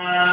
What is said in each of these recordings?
Uh...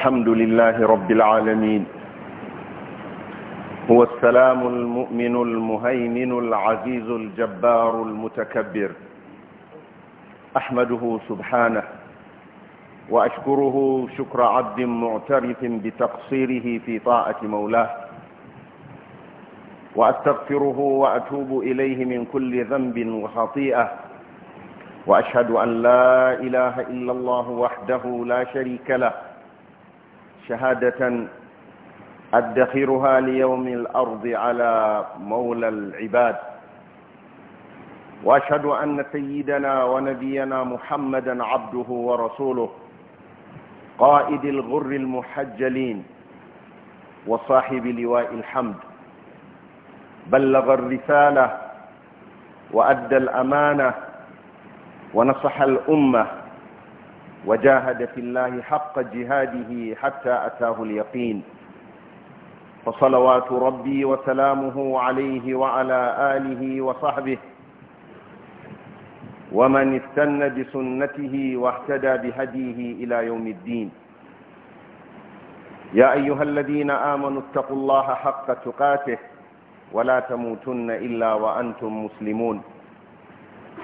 الحمد لله رب العالمين هو السلام المؤمن المهيمن العزيز الجبار المتكبر أحمده سبحانه وأشكره شكر عبد معترف بتقصيره في طاعة مولاه وأستغفره وأتوب إليه من كل ذنب وخطيئة وأشهد أن لا إله إلا الله وحده لا شريك له شهادة أدخرها ليوم الأرض على مولى العباد وأشهد أن سيدنا ونبينا محمدا عبده ورسوله قائد الغر المحجلين وصاحب لواء الحمد بلغ الرسالة وأدى الأمانة ونصح الأمة وجاهد في الله حق جهاده حتى أتاه اليقين فصلوات ربي وسلامه عليه وعلى آله وصحبه ومن استنى بسنته واهتدى بهديه إلى يوم الدين يا أيها الذين آمنوا اتقوا الله حق تقاته ولا تموتن إلا وأنتم مسلمون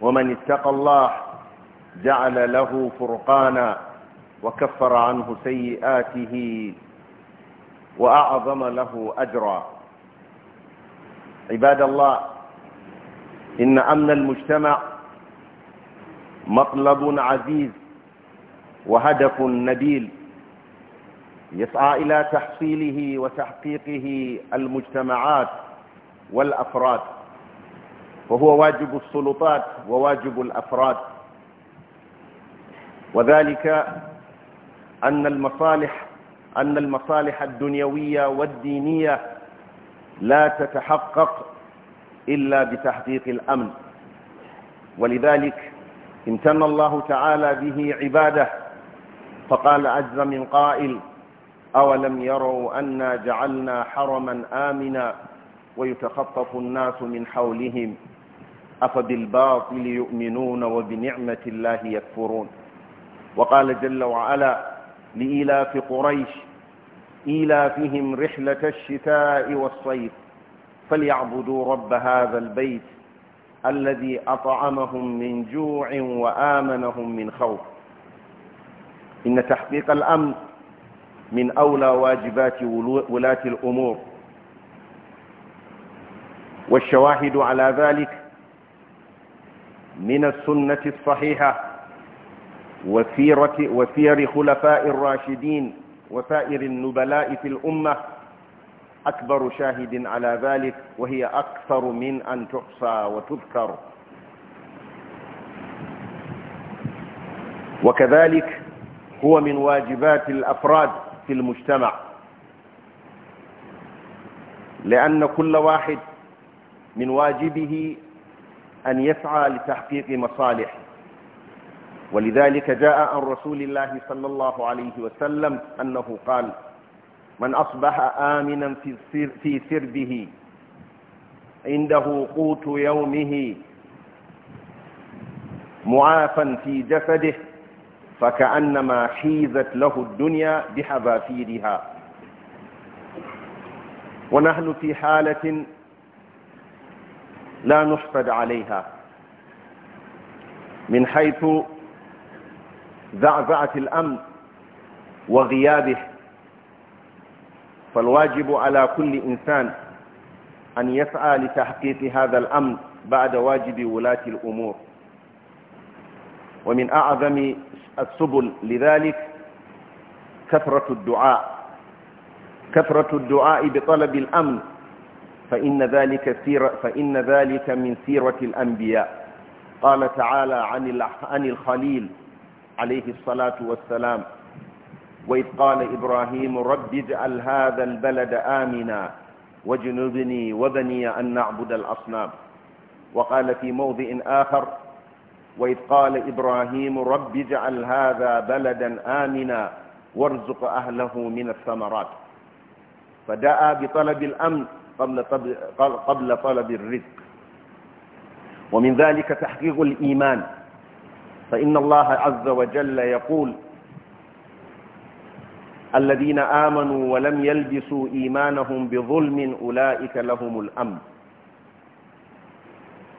ومن اتقى الله جعل له فرقانا وكفر عنه سيئاته وأعظم له أجرا عباد الله إن أمن المجتمع مطلب عزيز وهدف نبيل يسعى إلى تحصيله وتحقيقه المجتمعات والأفراد وهو واجب السلطات وواجب الأفراد وذلك أن المصالح أن المصالح الدنيوية والدينية لا تتحقق إلا بتحقيق الأمن ولذلك امتن الله تعالى به عباده فقال عز من قائل أولم يروا أنا جعلنا حرما آمنا ويتخطف الناس من حولهم أفبالباطل يؤمنون وبنعمة الله يكفرون وقال جل وعلا لإيلاف قريش إيلافهم رحلة الشتاء والصيف فليعبدوا رب هذا البيت الذي أطعمهم من جوع وآمنهم من خوف إن تحقيق الأمن من أولى واجبات ولاة الأمور والشواهد على ذلك من السنة الصحيحة وسيرة وسير خلفاء الراشدين وسائر النبلاء في الأمة أكبر شاهد على ذلك وهي أكثر من أن تحصى وتذكر وكذلك هو من واجبات الأفراد في المجتمع لأن كل واحد من واجبه أن يسعى لتحقيق مصالح ولذلك جاء عن رسول الله صلى الله عليه وسلم أنه قال من أصبح آمنا في, في سربه عنده قوت يومه معافا في جسده فكأنما حيزت له الدنيا بحذافيرها ونحن في حالة لا نحفد عليها من حيث زعزعة الأمن وغيابه فالواجب على كل إنسان أن يسعى لتحقيق هذا الأمن بعد واجب ولاة الأمور ومن أعظم السبل لذلك كثرة الدعاء كثرة الدعاء بطلب الأمن فإن ذلك, سيرة فإن ذلك من سيرة الأنبياء قال تعالى عن, عن الخليل عليه الصلاة والسلام وإذ قال إبراهيم رب اجعل هذا البلد آمنا واجنبني وبني أن نعبد الأصنام وقال في موضع آخر وإذ قال إبراهيم رب اجعل هذا بلدا آمنا وارزق أهله من الثمرات فدعا بطلب الأمن قبل, قبل طلب الرزق ومن ذلك تحقيق الإيمان فإن الله عز وجل يقول الذين آمنوا ولم يلبسوا إيمانهم بظلم أولئك لهم الأمن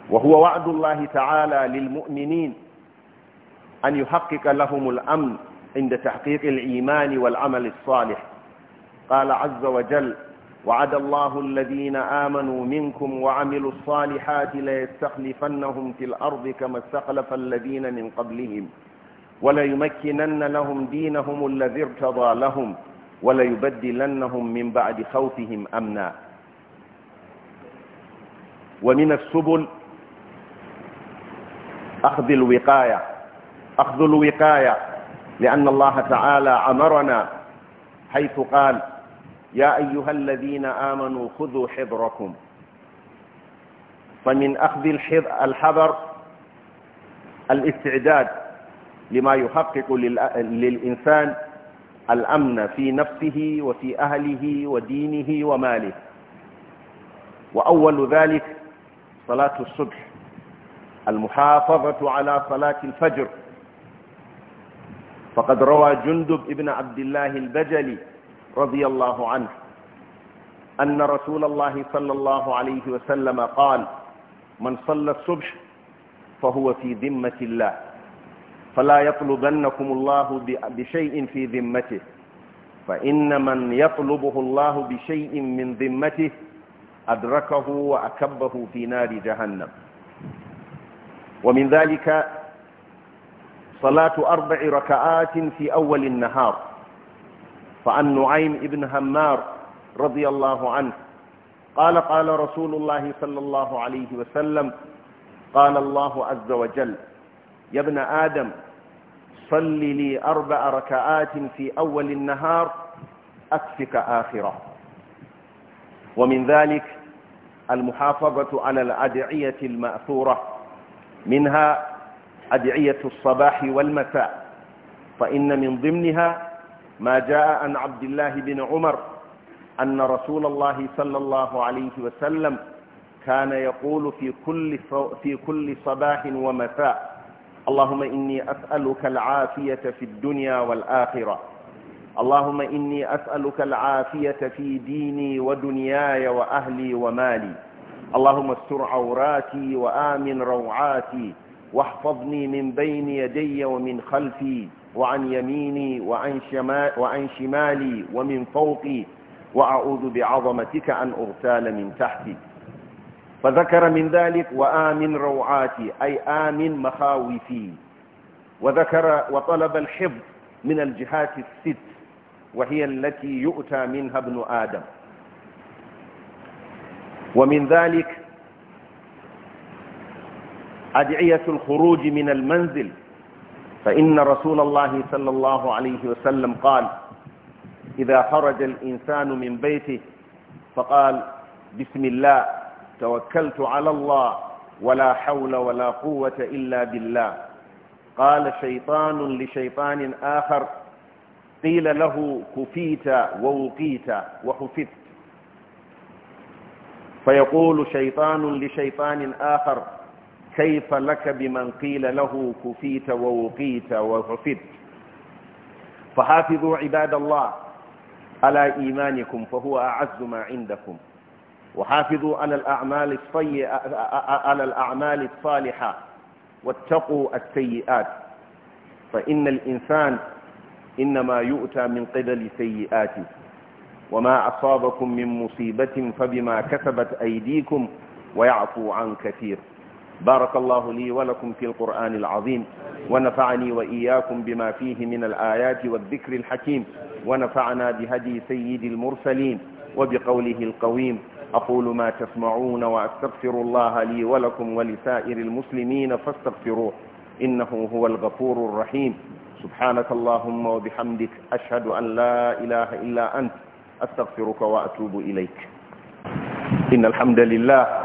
وهو وعد الله تعالى للمؤمنين أن يحقق لهم الأمن عند تحقيق الإيمان والعمل الصالح قال عز وجل وعد الله الذين آمنوا منكم وعملوا الصالحات ليستخلفنهم في الأرض كما استخلف الذين من قبلهم وليمكنن لهم دينهم الذي ارتضى لهم وليبدلنهم من بعد خوفهم أمنا ومن السبل أخذ الوقاية أخذ الوقاية لأن الله تعالى أمرنا حيث قال يا أيها الذين آمنوا خذوا حذركم فمن أخذ الحذر الاستعداد لما يحقق للإنسان الأمن في نفسه وفي أهله ودينه وماله وأول ذلك صلاة الصبح المحافظة على صلاة الفجر فقد روى جندب ابن عبد الله البجلي رضي الله عنه أن رسول الله صلى الله عليه وسلم قال من صلى الصبح فهو في ذمة الله فلا يطلبنكم الله بشيء في ذمته فإن من يطلبه الله بشيء من ذمته أدركه وأكبه في نار جهنم ومن ذلك صلاة أربع ركعات في أول النهار فعن نعيم ابن همار رضي الله عنه قال قال رسول الله صلى الله عليه وسلم قال الله عز وجل يا ابن آدم صل لي أربع ركعات في أول النهار أكفك آخره ومن ذلك المحافظة على الأدعية المأثورة منها أدعية الصباح والمساء فإن من ضمنها ما جاء عن عبد الله بن عمر أن رسول الله صلى الله عليه وسلم كان يقول في كل, في كل صباح ومساء اللهم إني أسألك العافية في الدنيا والآخرة اللهم إني أسألك العافية في ديني ودنياي وأهلي ومالي اللهم استر عوراتي وآمن روعاتي واحفظني من بين يدي ومن خلفي وعن يميني وعن, وعن شمالي ومن فوقي وأعوذ بعظمتك أن أغتال من تحتي فذكر من ذلك وآمن روعاتي أي آمن مخاوفي وذكر وطلب الحفظ من الجهات الست وهي التي يؤتى منها ابن آدم ومن ذلك أدعية الخروج من المنزل فإن رسول الله صلى الله عليه وسلم قال إذا خرج الإنسان من بيته فقال بسم الله توكلت على الله ولا حول ولا قوة إلا بالله قال شيطان لشيطان آخر قيل له كفيت ووقيت وحفظت فيقول شيطان لشيطان آخر كيف لك بمن قيل له كفيت ووقيت وغفرت فحافظوا عباد الله على إيمانكم فهو أعز ما عندكم وحافظوا على الأعمال, على الأعمال الصالحة واتقوا السيئات فإن الإنسان إنما يؤتى من قبل سيئاته وما أصابكم من مصيبة فبما كسبت أيديكم ويعفو عن كثير بارك الله لي ولكم في القرآن العظيم ونفعني وإياكم بما فيه من الآيات والذكر الحكيم ونفعنا بهدي سيد المرسلين وبقوله القويم أقول ما تسمعون وأستغفر الله لي ولكم ولسائر المسلمين فاستغفروه إنه هو الغفور الرحيم سبحانك اللهم وبحمدك أشهد أن لا إله إلا أنت أستغفرك وأتوب إليك إن الحمد لله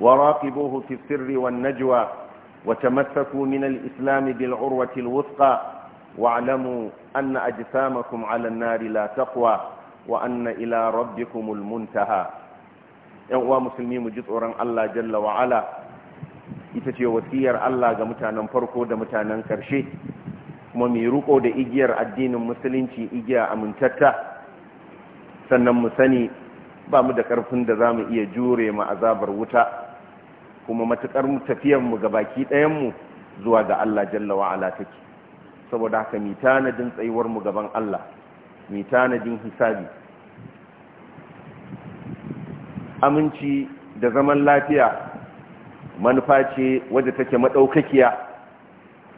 وراقبوه في السر والنجوى وتمسكوا من الإسلام بالعروة الوثقى واعلموا أن أجسامكم على النار لا تقوى وأن إلى ربكم المنتهى يقوى مسلمين جزء الله جل وعلا ita ce wasiyar Allah ga mutanen farko da mutanen ƙarshe kuma mai ruko da igiyar addinin musulunci igiya amintatta sannan mu sani ba mu da ƙarfin da za mu iya jure ma azabar wuta kuma matuƙar tafiyanmu ga baki ɗayan mu zuwa ga Allah jalla wa'ala take saboda haka mi tanadin mu gaban Allah mi tanadin hisabi aminci da zaman lafiya manufa ce wadda take madaukakiya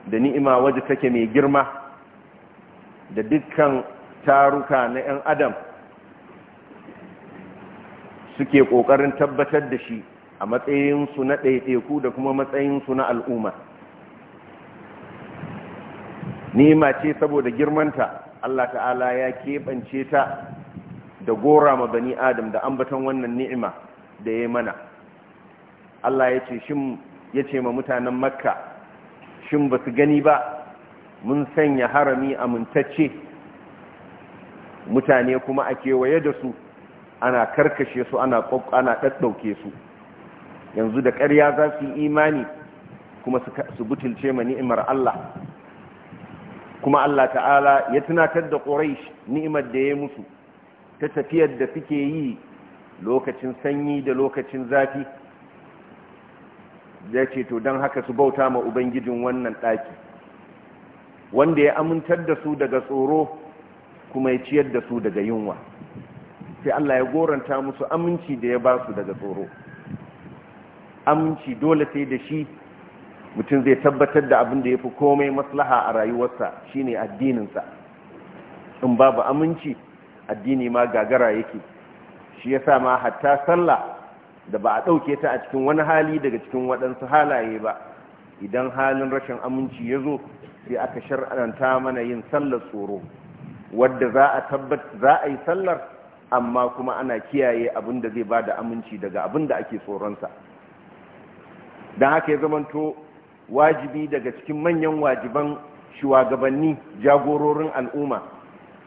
da ni'ima wadda take mai girma da dukkan taruka na 'yan adam suke ƙoƙarin tabbatar da shi a matsayinsu na ɗaiɗaiku da kuma matsayinsu na al'umma ni'ima ce saboda girmanta Allah ta'ala ya keɓance ta da gora ma bani adam da ambaton wannan ni'ima da ya mana Allah ya ce ma mutanen makka shin ba su gani ba mun sanya harami amintacce mutane kuma a kewaye da su ana karkashe su ana ana ɗaɗɗauke su yanzu da ƙarya za su yi imani kuma su butulce ma ni'imar Allah kuma Allah ta'ala ya tunatar da ƙorai ni'imar da ya musu ta tafiyar da suke yi lokacin sanyi da lokacin zafi ya ce to don haka su bauta ma ubangijin wannan ɗaki wanda ya amintar da su daga tsoro kuma ya ciyar da su daga yunwa sai Allah ya goranta musu aminci da ya ba su daga tsoro aminci dole sai da shi mutum zai tabbatar da abin da ya fi komai maslaha a rayuwarsa shine addininsa in babu aminci addini ma gagara yake shi ya sa ma hatta sallah da ba a ɗauke ta a cikin wani hali daga cikin waɗansu halaye ba idan halin rashin aminci ya zo sai aka shar'anta mana yin sallar tsoro wadda za a za a yi sallar amma kuma ana kiyaye abin da zai ba da aminci daga abin da ake tsoronsa don haka ya zamanto wajibi daga cikin manyan wajiban shugabanni jagororin al'umma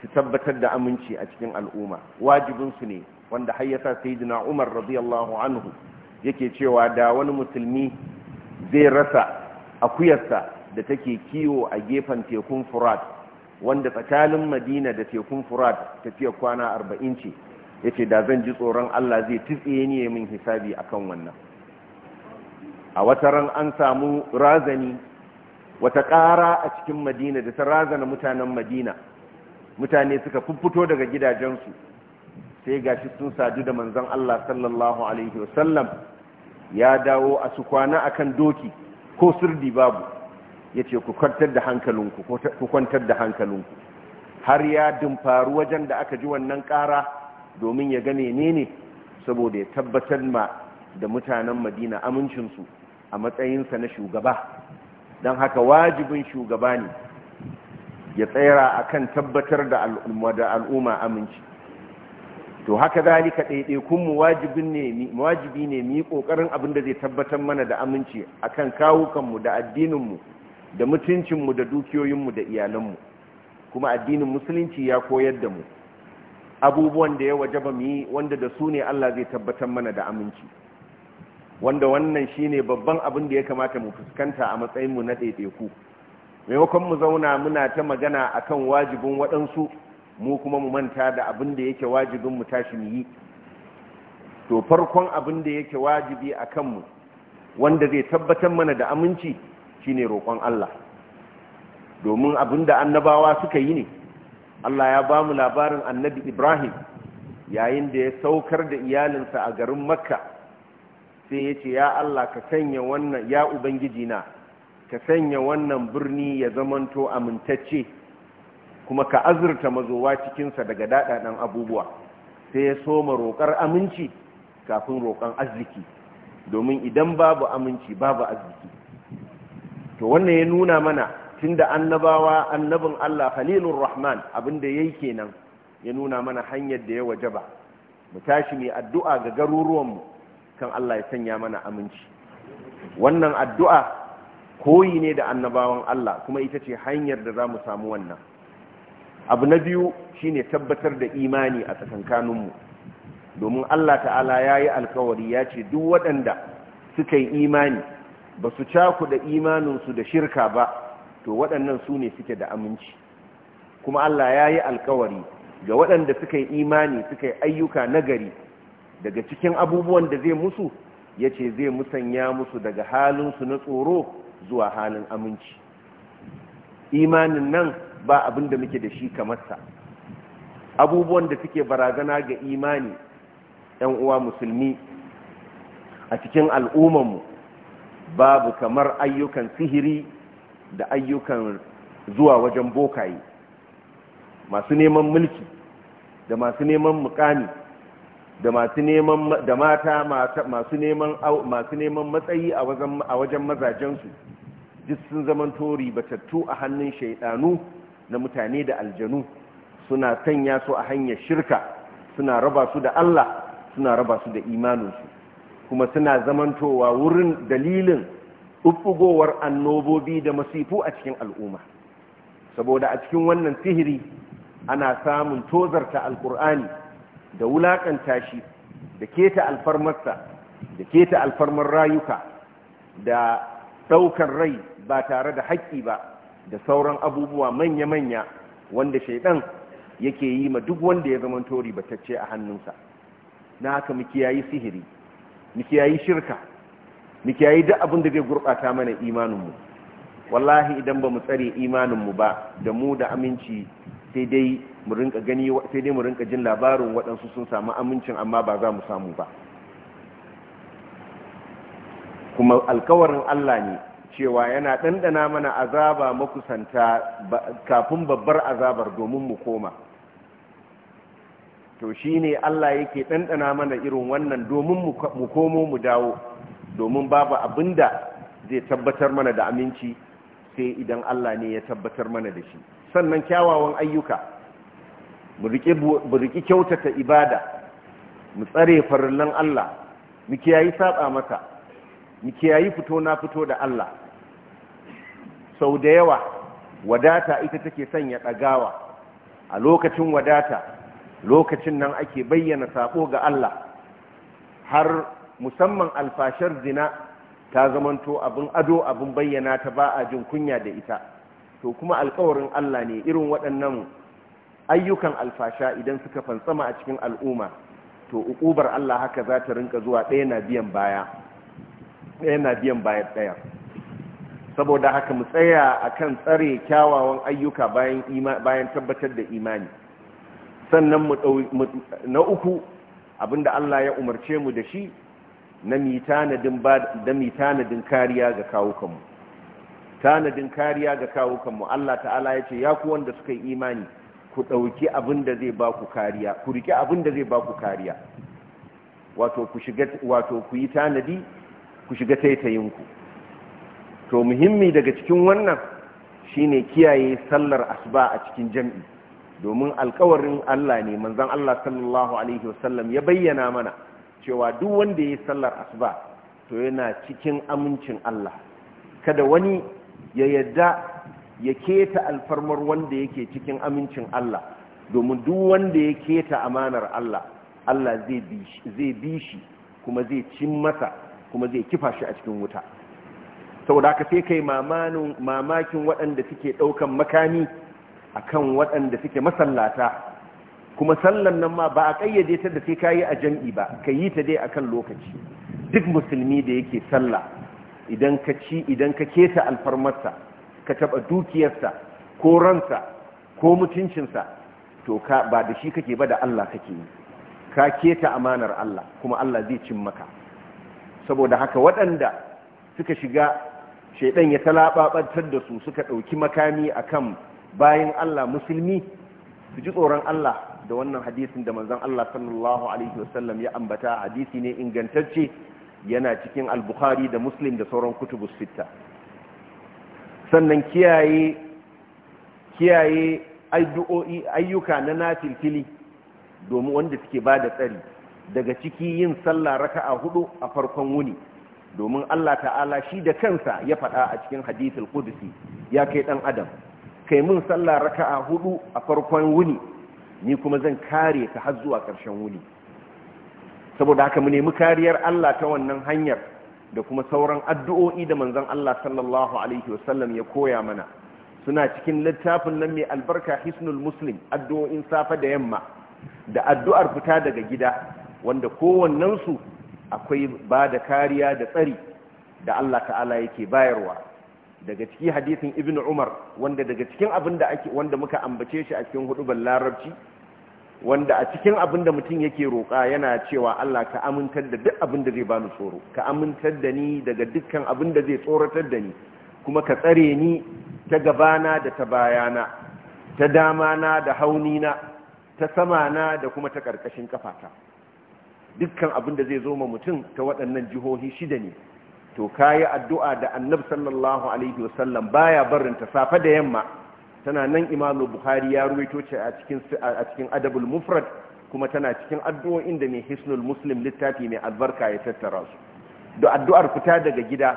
su tabbatar da aminci a cikin al'umma wajibinsu ne wanda har hayyata sayyidina umar radiyallahu anhu yake cewa da wani musulmi zai rasa akuyarsa da take kiwo a gefen tekun furat wanda tsakanin madina da tekun furat tafiya kwana arba'in ce yace da zan ji tsoron allah zai tutse ni ya min hisabi akan wannan a wata ran an samu razani wata ƙara a cikin madina da ta razana mutanen madina mutane suka fufuto daga gidajensu sai gashi sun sadu da manzan Allah sallallahu alaihi wasallam ya dawo a su kwana a kan doki ko sirdi babu ya ce kwantar ku kwantar da hankalinku har ya dumfaru wajen da aka ji wannan ƙara domin ya ga menene saboda ya tabbatar ma da mutanen Madina amincinsu a matsayinsa na shugaba don haka wajibin shugaba ne ya a kan tabbatar da al'umma aminci to haka zalika mu wajibi ne mu yi ƙoƙarin abin da zai tabbatar mana da aminci a kan kawukanmu da addininmu da mutuncinmu da dukiyoyinmu da iyalanmu kuma addinin musulunci ya koyar da mu abubuwan da ya wajaba mu yi wanda da su ne Allah zai tabbatar mana da aminci wanda wannan shine babban abin da ya kamata mu fuskanta a matsayinmu na ɗaiɗaiku maimakon mu zauna muna ta magana akan wajibin waɗansu mu kuma mu manta da abin da yake wajibin mu tashi mu yi to farkon abin da yake wajibi a kanmu wanda zai tabbatar mana da aminci shine roƙon Allah domin abin da annabawa suka yi ne Allah ya ba mu labarin annabi Ibrahim yayin da ya saukar da iyalinsa a garin Makka sai ya ce ya Allah ka sanya wannan ya ubangiji na ka sanya wannan birni ya zamanto amintacce kuma ka azurta mazowa cikinsa daga daɗaɗen abubuwa sai ya soma roƙar aminci kafin roƙon arziki domin idan babu aminci babu arziki to wannan ya nuna mana tunda annabawa annabin Allah khalilur rahman abinda yayi kenan ya nuna mana hanyar da ya wajaba mu tashi mai addu'a ga garuruwanmu kan Allah ya sanya mana aminci wannan addu'a koyi ne da annabawan Allah kuma ita ce hanyar da za mu samu wannan abu na biyu shi ne tabbatar da imani a tsakankaninmu domin Allah ta'ala ya yi alkawari ya ce duk waɗanda suka yi imani ba su caku da imaninsu da shirka ba to waɗannan su ne suke da aminci kuma Allah ya yi alkawari ga waɗanda suka yi imani suka yi ayyuka nagari daga cikin abubuwan da zai musu ya ce zai musanya musu daga halinsu na tsoro zuwa halin aminci imanin nan ba abin da muke da shi kamarsa abubuwan da suke barazana ga imani ‘yan uwa musulmi a cikin al'ummanmu babu kamar ayyukan sihiri da ayyukan zuwa wajen bokaye masu neman mulki da masu neman mukami da mata masu neman masu neman matsayi a wajen mazajensu duk sun zaman tori batattu a hannun shaidanu na mutane da aljanu suna sanya su a hanyar shirka suna raba su da Allah suna raba su da imaninsu kuma suna zamantowa wurin dalilin uffugowar annobobi da masifu a cikin al'umma saboda a cikin wannan sihiri ana samun tozarta alkur'ani da wulaƙanta shi da keta alfarmarsa da keta alfarmar rayuka da ɗaukar rai ba tare da haƙƙi ba da sauran abubuwa manya-manya wanda shaidan yake yi ma duk wanda ya zama tori batacce a hannunsa na haka mukiyayi sihiri mukiyayi shirka mukiyayi duk abin da zai gurɓata mana imaninmu wallahi idan ba mu tsare imaninmu ba da mu da aminci sai dai mu rinka sai dai mu rinka jin labarin waɗansu sun samu amincin amma ba za mu samu ba kuma alkawarin Allah ne cewa yana ɗanɗana mana azaba makusanta kafin babbar azabar domin mu koma to shi ne Allah yake ɗanɗana mana irin wannan domin mu komo mu dawo domin babu abin da zai tabbatar mana da aminci sai idan Allah ne ya tabbatar mana da shi sannan kyawawan ayyuka mu riƙi kyautata ibada mu tsare farillan Allah mu kiyayi saba mata mu kiyayi fito na fito da Allah sau da yawa wadata ita take sanya ɗagawa a lokacin wadata lokacin nan ake bayyana sako ga Allah har musamman alfashar zina ta zamanto abin ado abin bayyana ta ba a jin kunya da ita to kuma alkawarin Allah ne irin waɗannan ayyukan alfasha idan suka fantsama a cikin al'umma to ukubar Allah haka za ta rinka zuwa ɗaya na biyan baya ɗaya na biyan baya ɗaya saboda haka mu tsaya a kan tsare kyawawan ayyuka bayan tabbatar da imani sannan mu na uku abinda Allah ya umarce mu da shi na mitanadin kariya ga kawukanmu tanadin kariya ga kawukanmu Allah ta'ala ya ce ya ku wanda suka yi imani ku ɗauki abin da zai ba ku kariya ku riƙe abin da zai ba ku kariya wato ku shiga wato ku yi tanadi ku shiga taitayinku to muhimmi daga cikin wannan shine kiyaye sallar asuba a cikin jam'i domin alkawarin Allah ne manzon Allah sallallahu alaihi wasallam ya bayyana mana cewa duk wanda yayi sallar asuba to yana cikin amincin Allah kada wani ya yadda ya keta alfarmar wanda yake cikin amincin Allah domin duk wanda ya keta amanar Allah Allah zai bi shi kuma zai cin masa kuma zai kifa shi a cikin wuta saboda haka sai kai mamakin waɗanda suke ɗaukan makami kan waɗanda suke masallata kuma sallan nan ma ba a ƙayyade ta da sai ka yi a jam'i ba ka yi ta dai akan lokaci duk musulmi da yake sallah idan ka ci idan ka keta alfarmarsa ka taba dukiyarsa ko ransa ko mutuncinsa to ka ba da shi kake ba da Allah kake yi ka keta amanar Allah kuma Allah zai cin maka saboda haka waɗanda suka shiga shaidan ya talababantar da su suka ɗauki makami akan bayan Allah musulmi su ji tsoron Allah da wannan hadisin da manzon Allah sallallahu alaihi wasallam ya ambata hadisi ne ingantacce yana cikin al-bukhari da muslim da sauran kutubus sita sannan kiyaye kiyaye addu'o'i ayyuka na nafilfili domin wanda suke bada tsari daga ciki yin sallah raka'a hudu a farkon wuni domin Allah ta'ala shi da kansa ya faɗa a cikin hadithul qudsi ya kai dan adam kai mun sallah raka'a hudu a farkon wuni ni kuma zan kare ta har zuwa ƙarshen wuni saboda haka mu nemi kariyar Allah ta wannan hanyar da kuma sauran addu'o'i da manzon Allah sallallahu alaihi wasallam ya koya mana suna cikin littafin nan mai albarka hisnul muslim addu'o'in safa da yamma da addu'ar fita daga gida wanda su akwai ba da kariya da tsari da Allah ta'ala yake bayarwa daga ciki hadisin ibnu umar wanda daga cikin abin ake wanda muka ambace shi a cikin hudubar larabci wanda a cikin abin da mutum yake roƙa yana cewa Allah ka amintar da duk abin da zai bani tsoro ka amintar da ni daga dukkan abin da zai tsoratar da ni kuma ka tsare ni ta gabana da ta bayana ta damana da haunina ta samana da kuma ta ƙarƙashin kafata dukkan abin da zai zo ma mutum ta waɗannan jihohi shida ne to kayi addu'a da annab sallallahu alaihi wasallam baya barinta safa da yamma tana nan imamu bukhari ya ruwaito ce a cikin adabul mufrad kuma tana cikin addu'o'in da mai hisnul muslim littafi mai albarka ya tattara su da addu'ar fita daga gida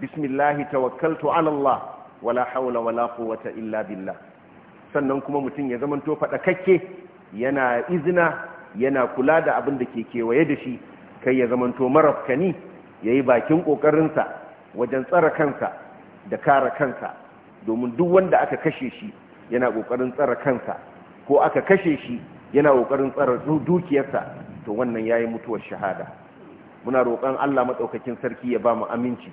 bismillahi tawakkaltu ala Allah wala hawla wala quwwata illa billah sannan kuma mutum ya zamanto fadakakke yana izina yana kula da abin da ke kewaye da shi kai ya zamanto marafkani yayi bakin kokarinsa wajen tsara kansa da kare kansa domin duk wanda aka kashe shi yana kokarin tsara kansa ko aka kashe shi yana kokarin tsara dukiyarsa to wannan yayi mutuwar shahada muna roƙon Allah madaukakin sarki ya ba mu aminci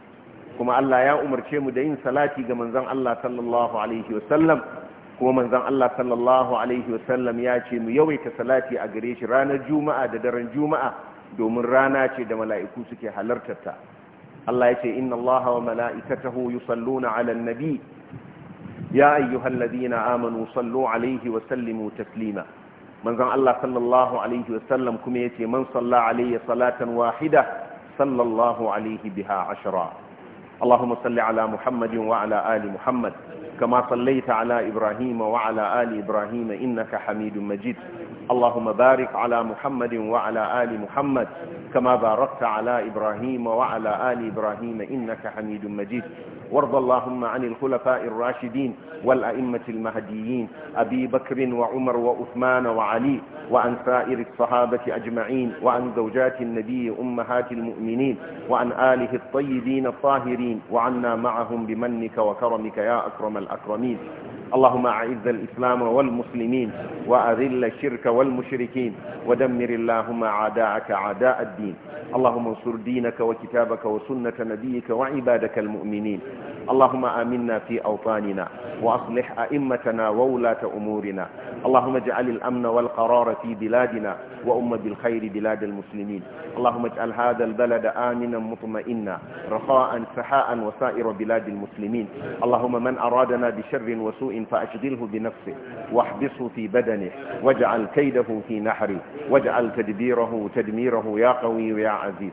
kuma Allah ya umarce mu da yin salati ga manzon Allah sallallahu alaihi wasallam kuma manzon Allah sallallahu alaihi wasallam ya ce mu yawaita salati a gare shi ranar juma'a da daren juma'a domin rana ce da mala'iku suke halartar ta Allah ya ce inna Allah wa mala'ikatahu yusalluna 'alan nabi يا أيها الذين آمنوا صلوا عليه وسلموا تسليما من زن الله صلى الله عليه وسلم كم يتي من صلى عليه صلاة واحدة صلى الله عليه بها عشرا اللهم صل على محمد وعلى آل محمد كما صليت على إبراهيم وعلى آل إبراهيم إنك حميد مجيد اللهم بارك على محمد وعلى آل محمد كما باركت على إبراهيم وعلى آل إبراهيم إنك حميد مجيد وارض اللهم عن الخلفاء الراشدين والأئمة المهديين أبي بكر وعمر وعثمان وعلي وعن سائر الصحابة أجمعين وعن زوجات النبي أمهات المؤمنين وعن آله الطيبين الطاهرين وعنا معهم بمنك وكرمك يا أكرم الأكرمين اللهم أعز الإسلام والمسلمين وأذل الشرك والمشركين ودمر اللهم عداءك عداء الدين اللهم انصر دينك وكتابك وسنة نبيك وعبادك المؤمنين اللهم آمنا في أوطاننا وأصلح أئمتنا وولاة أمورنا اللهم اجعل الأمن والقرار في بلادنا وأم بالخير بلاد المسلمين اللهم اجعل هذا البلد آمنا مطمئنا رخاء سحاء وسائر بلاد المسلمين اللهم من أرادنا بشر وسوء فأشغله بنفسه واحبسه في بدنه واجعل كيده في نحره واجعل تدبيره تدميره يا قوي يا عزيز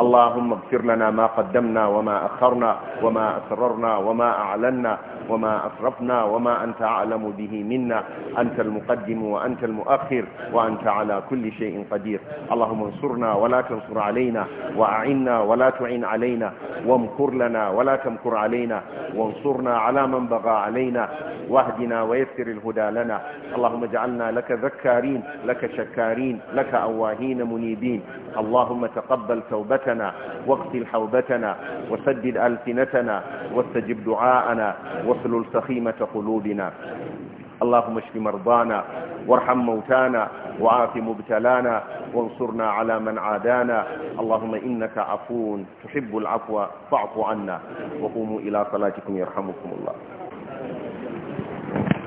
اللهم اغفر لنا ما قدمنا وما أخرنا وما أسررنا وما أعلنا وما أسرفنا وما أنت أعلم به منا أنت المقدم وأنت المؤخر وأنت على كل شيء قدير اللهم انصرنا ولا تنصر علينا وأعنا ولا تعين علينا وامكر لنا ولا تمكر علينا وانصرنا على من بغى علينا واهدنا ويسر الهدى لنا اللهم اجعلنا لك ذكارين لك شكارين لك أواهين منيبين اللهم تقبل توبتنا واغسل حوبتنا وسدد ألسنتنا واستجب دعاءنا واسلل سخيمة قلوبنا اللهم اشف مرضانا وارحم موتانا وعاف مبتلانا وانصرنا على من عادانا اللهم إنك عفو تحب العفو فاعف عنا وقوموا إلى صلاتكم يرحمكم الله